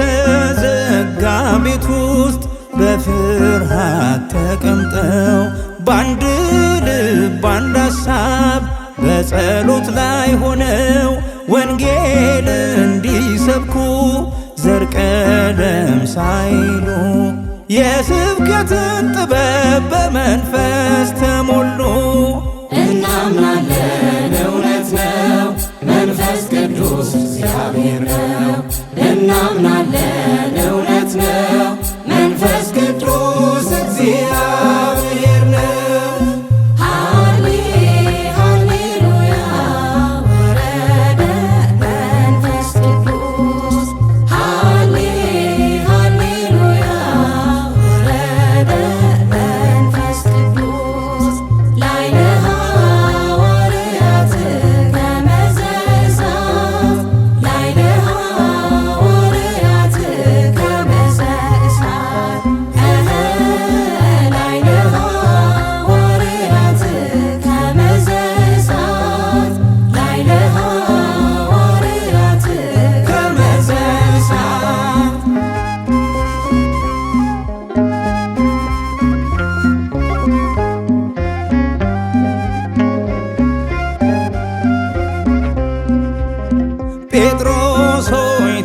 በተዘጋ ቤት ውስጥ በፍርሃት ተቀምጠው በአንድ ልብ በአንድ አሳብ በጸሎት ላይ ሆነው ወንጌል እንዲሰብኩ ዘር ቀለም ሳይሉ የስብከትን ጥበብ በመንፈስ ተሞሉ። እናምናለን እውነት ነው መንፈስ ቅዱስ እግዚአብሔር ነው። I'm not there.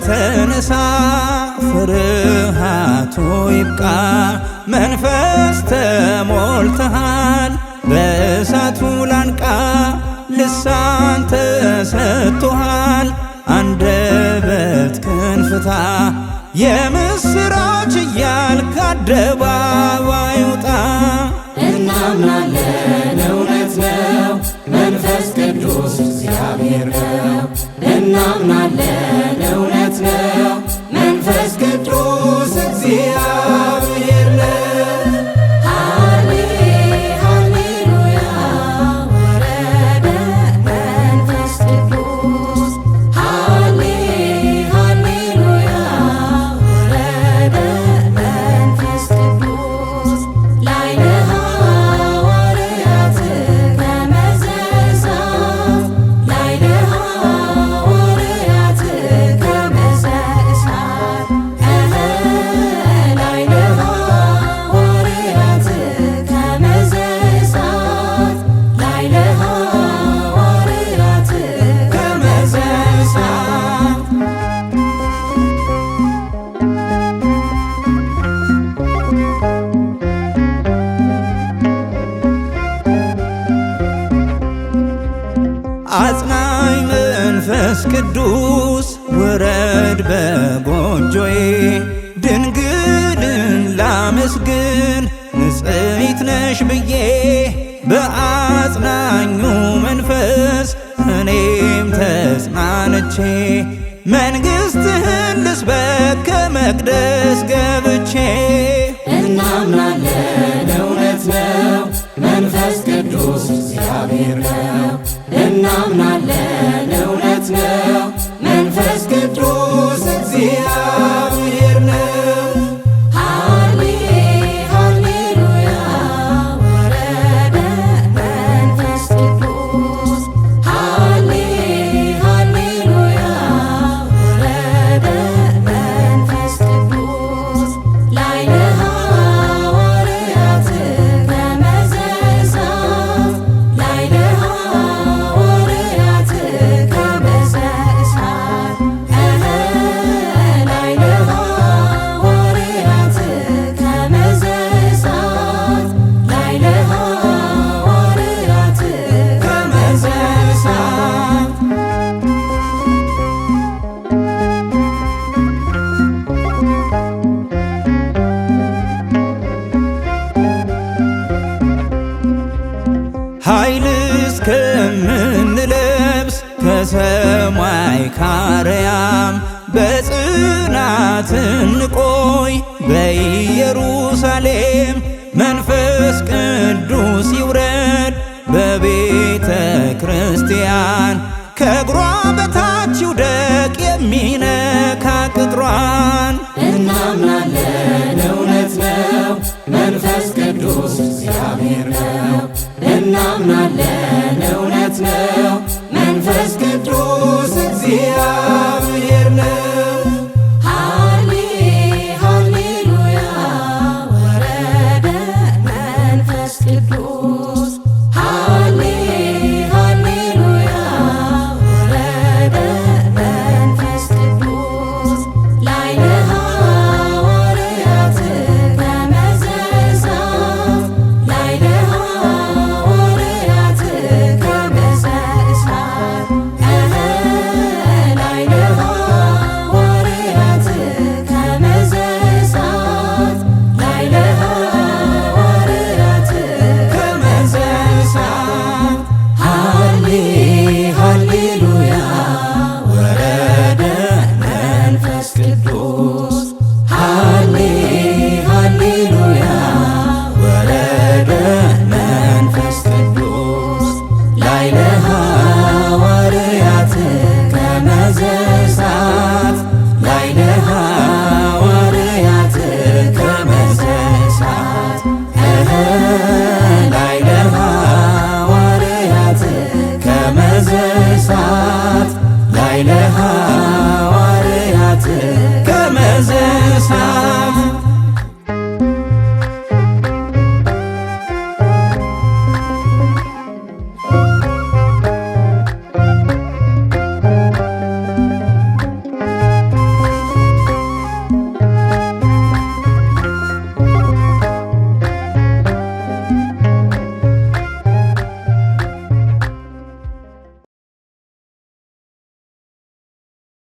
ተነሳ ፍርሃቱ ይብቃ መንፈስ ተሞልተሃል በእሳቱ ላንቃ ልሳን ተሰጥቶሃል አንደበት ክንፍታ የምስራች እያልክ አደባባይ ውጣ እናምናለን ኢየሱስ ውረድ በጎጆዬ ድንግልን ላመስግን ንጽሕት ነሽ ብዬ በአጽናኙ መንፈስ እኔም ተጽናንቼ መንግሥትህን ልስበት ከመቅደስ ገብቼ ከምንለብስ ከሰማይ ካርያም በጽናት እንቆይ በኢየሩሳሌም መንፈስ ቅዱስ ይውረድ በቤተ ክርስቲያን ከእግሯ በታች ይውደቅ የሚነካ ቅጥሯን። እናምናለን እውነት ነው መንፈስ ቅዱስ እግዚአብሔር ነው። እናምናለን ኃይለ